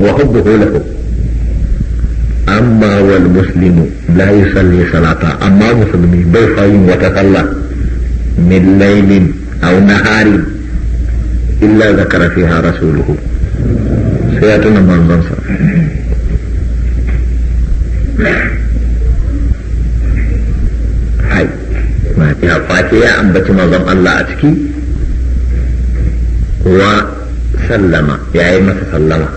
وحبه له أما والمسلم لا يصلي صلاة أما مسلم بيصوم وتصلى من ليل أو نهار إلا ذكر فيها رسوله سيأتنا من ننصر هاي ما فيها فاتحة أم بتمظم الله أتكي وسلم يا إما تسلمه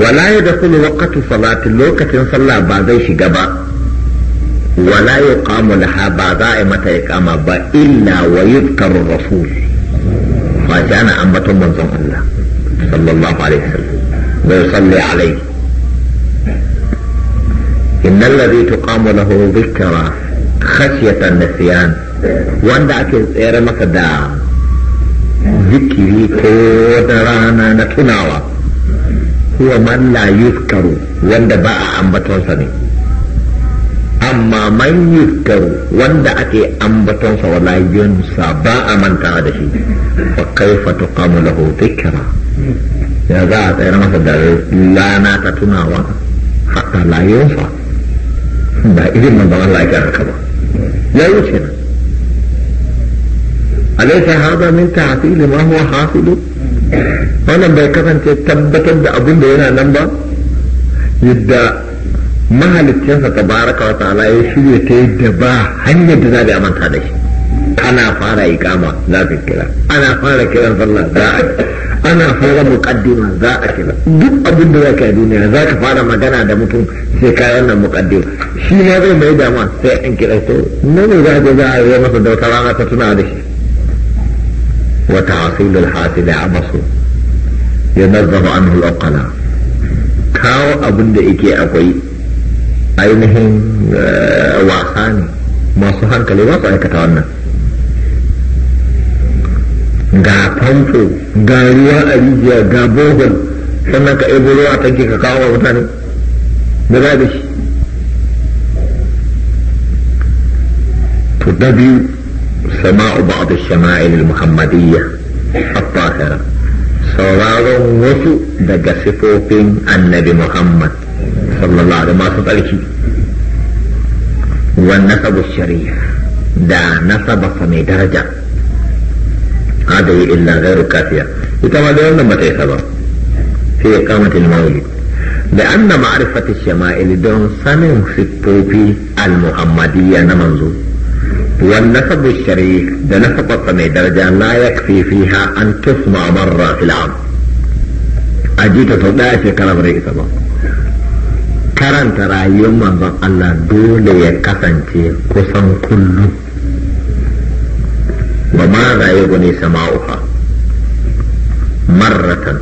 ولا يدخل وقت صلاة لوكة صلى بعضي شقبا ولا يقام لها بعضاء متى يقام با إلا ويذكر الرسول فكان أنبت منظم الله صلى الله عليه وسلم ويصلي عليه إن الذي تقام له ذكرى خشية النسيان وأن دعك إيرمك دا ذكري كودرانا نتناوى huwa man la yuzkaru wanda ba a ambatonsa ne amma man yuzkaru wanda ake ambatonsa wala yunsa ba a mantawa da shi fa kaifa tuqamu lahu dhikra ya za a tsayar masa da lana ta tunawa hatta la yunsa ba irin ba Allah ya haka ba ya wuce alaysa hada min ta'til ma huwa hafidu wannan bai kasance tabbatar da abin da yana nan ba yadda mahaliccinsa ta baraka wa ta'ala ya shirya ta yadda ba hanyar da za a manta da shi ana fara ikama za ka kira ana fara kiran sallah za a ana fara muqaddima za a kira duk abin da za ka yi duniya za ka fara magana da mutum sai ka wannan muqaddima shi ne zai mai dama sai an kira to nan ne za ka za a yi masa da wata rana ta tuna da shi Wata الحاصل عبصه ينظف عنه العقلاء kawo abin da yake akwai ainihin wasa ne masu hankali ba su aikata wannan ga famfo ga ruwa a rijiya ga bohol sannan ka ebo ruwa tanki ka kawo wa mutane da za da shi سماع بعض الشمائل المحمدية الطاهرة صلاة وسوء دق صفوف النبي محمد صلى الله عليه وسلم والنسب الشريف دا نسب صمي درجة هذه إلا غير كافية يتوى دون ما في إقامة المولد لأن معرفة الشمائل دون صمي صفوف المحمدية نمنظور والنسب الشريف ده نسب الطمي درجة لا يكفي فيها أن تصنع مرة في العام أجيت صدقاء شكرا بريء سبا karanta rayuwar manzon Allah dole ya kasance kusan kullum wa ma rayu ne sama'uha marratan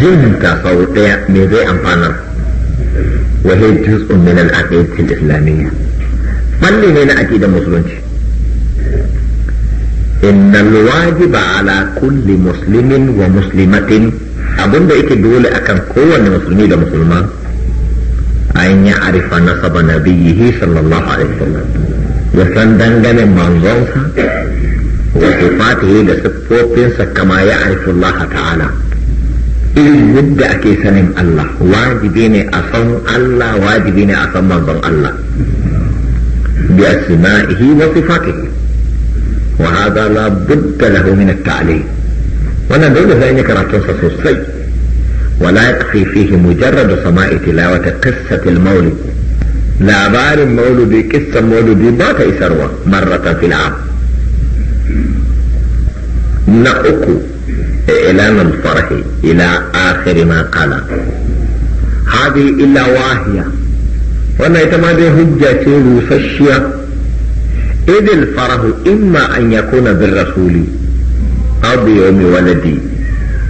jinta sau ɗaya me zai amfanar wa hijjus min al Malli ne na da musulunci innal wajiba ala kulli muslimin wa muslimatin abinda yake dole akan kowanne musulmi da musulma an ya arifa nasaba nabiyhi sallallahu alaihi wasallam ya san dangane manzonsa wa sifatihi da siffofinsa kama ya arifu Allah ta'ala irin yadda ake sanin Allah wajibi ne a san Allah wajibi ne a san manzon Allah بأسمائه وصفاته وهذا لا بد له من التعليم وانا دول راح تنصص الصيد ولا يكفي فيه مجرد سماع تلاوة قصة المولد لا بار المولد قصة المولد ما تيسروا مرة في العام نأكو إعلان الفرح إلى آخر ما قال هذه إلا واهية wannan ita ma dai hujja ce rusasshiya idil farahu imma an ya yakuna bin rasuli abu yau mai waladi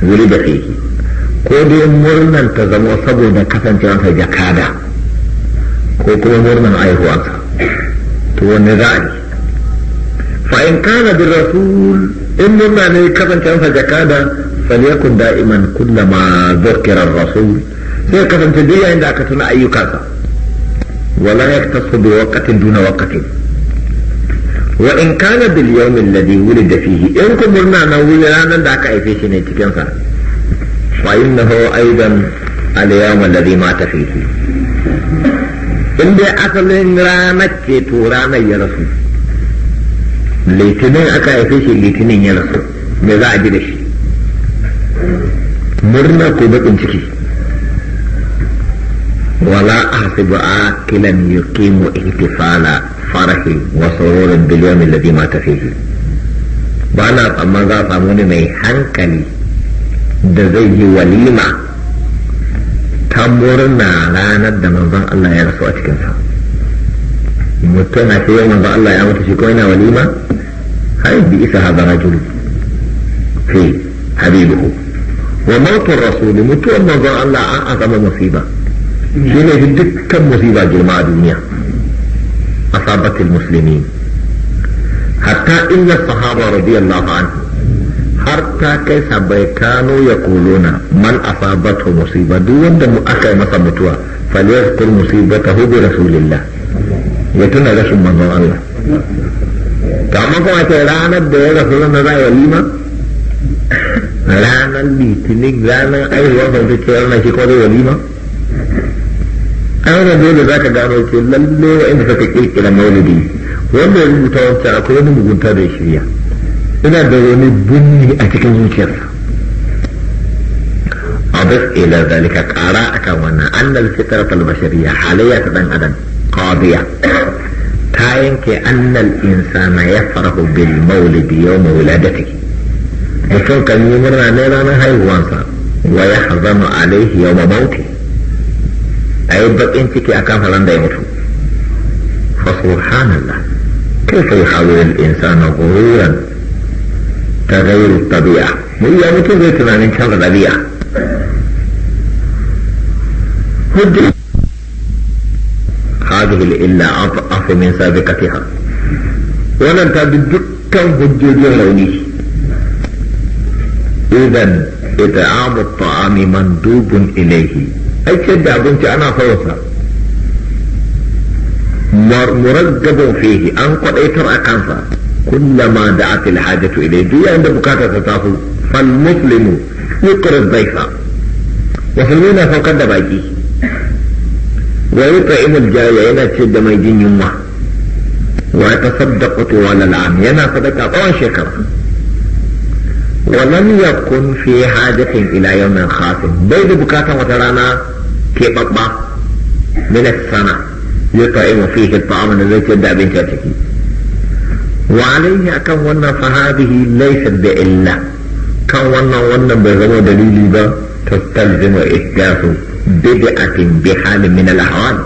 wuri da fihi ko dai murnan ta zama saboda kasancewarsa jakada ko kuma murnan aihuwarsa to wani za a yi fa kana bin rasul in murna ne kasancewarsa jakada falyakun da'iman kullama dhukira rasul sai kasance duk yayin da aka tuna ayyukansa ولا يختص بوقت دون وقت وإن كان باليوم الذي ولد فيه إن كن برنا نويرانا ذاك أي في شيء تكنفع فإنه أيضا اليوم الذي مات فيه إن دي أصل رامت تو رانا يرسل litinin أكا haife shi litinin ya rasu me za a ji da ولا أحسب عاقلا يقيم احتفال فرح وسرور باليوم الذي مات فيه bana tsamman za a samu mai hankali da zai yi walima ta murna ranar da manzon Allah ya rasu a cikinsa mutum na ce yau Allah ya mutu shi ko yana walima har bi isa haza rajul fi wa mautar rasuli mutuwar manzon Allah an azama musiba جنيه الدك كم مصيبة جماعة دنيا أصابت المسلمين حتى إن الصحابة رضي الله عنهم حتى كيف كانوا يقولون من أصابته مصيبة دون دم أكا متوى فليذكر مصيبته برسول الله يتنى رسول من الله كما كما رانا دي رسول الله ذا يليما رانا ليتنك رانا أي وقت تكيرنا شكوة يليما a wannan dole za ka gano ke lalle wa'inda suka kirkira maulidi wanda ya rubuta wancan akwai wani mugunta da shirya ina da wani bunni a cikin zuciyarsa a bas ila zalika kara akan wannan annal fitrat al bashariyya halayya ta dan adam qadiya ta yanke annal insana yafrahu bil maulidi yawm wuladatihi mutum kan yi murna ne ranar haihuwansa wa yahzanu alaihi yawm mautihi a yi bakin ciki a kan falon da ya mutu fa subhanallah kaifa yuhawilu al-insanu ghururan tagayyur tabi'a mun ya mutu zai tunanin canza dabi'a hujja هذه الإلا أضعف من سابقتها ولن تجد كم هجوج لوني إذا إطعام الطعام مندوب إليه أكد أبنك أنا فوسا مرقب فيه أنقل أي أيتر أكانفا كلما دعت الحاجة إليه دي عند بكاتة تتافو فالمسلم يقر الضيفة وفلمينا فقد باجي ويطعم الجاية إلى تشد ميدين يمه ويتصدق طوال العام ينا صدقة طوال شكرا ولم يكن في حاجة إلى يوم خاص بيد بكاتة وترانا كيطبخ من السماء يطعم فيه الطعام الذي تبدا به تاتيكي وعليه كم ون فهذه ليست بإلا كم ون ون بغير دليل با تستلزم إحداث بدعة بحال من الأحوال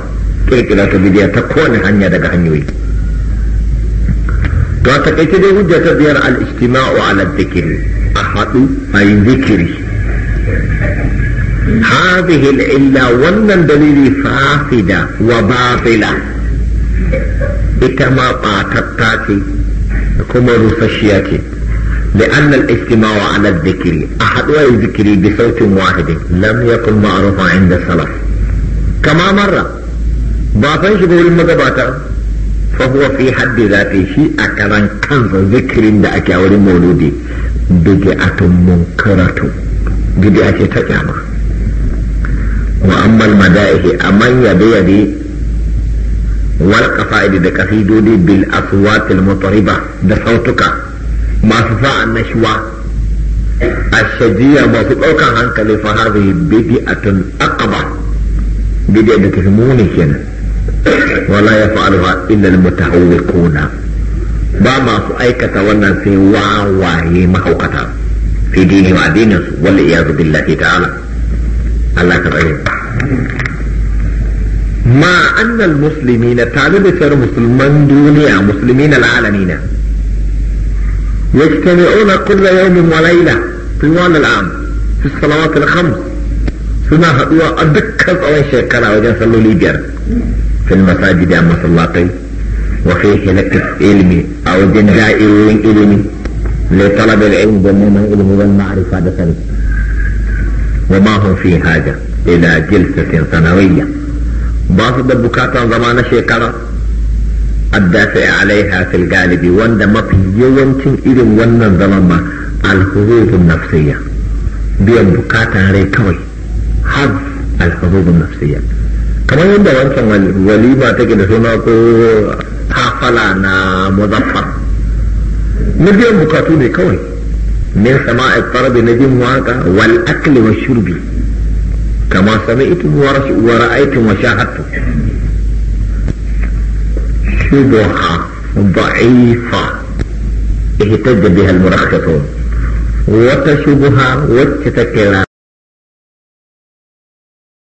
كيف لا تبدا تكون هنيا دك هنيوي تو تكيتي دي هجة الاجتماع على الذكر أحد أي ذكره هذه العلة ولن دليل فاسدة وباطلة إتما قاتتاتي كما رفشياتي لأن الاجتماع على الذكر أحد الذكر بصوت واحد لم يكن معروفا عند السلف كما مرة باطن شبه المقباتة فهو في حد ذاته شيء أكرا كنز ذكر دعك أول مولودي بدعة منكرة بدعة تكامل mu'ammal mada'ihi amman yabi yabi wal qafa'id da qasidudi bil aswat al mutariba da sautuka ma fa annashwa ashadiya ba masu ɗaukan hankali fa hadhihi bid'atun aqba bid'a da tafmuni kenan ولا يفعلها إلا المتهوكون بما سؤيك تولى في واواه محوقتها في دينه ودينه والعياذ بالله تعالى Allah ka tsare ma annal muslimina tare da cewa musulman duniya يجتمعون كل يوم وليلة طوال العام في الصلوات الخمس سنة هدوة أدكة أو شكرا وجن صلوا ليبير في المساجد يا مسلاطي وفي نكس علمي أو جن دائرين علمي لطلب العلم والمعرفة ده وما هم في حاجة إلى جلسة سنوية بعض البكات زمان شيكرا الدافع عليها في الغالب وند مطي يومتين إذن ونن ظلما الحظوظ النفسية بيان بكات عليه كوي حظ الحظوظ النفسية كما يند وانسان الوليمة تجد هناك حفلة مظفر na biyan bukatu ne kawai من سماء الطرب نجم واقع والأكل والشرب كما سمعتم ورأيتم وشاهدتم شبهة ضعيفة اهتد بها المرخصون وتشبهة وتتكلم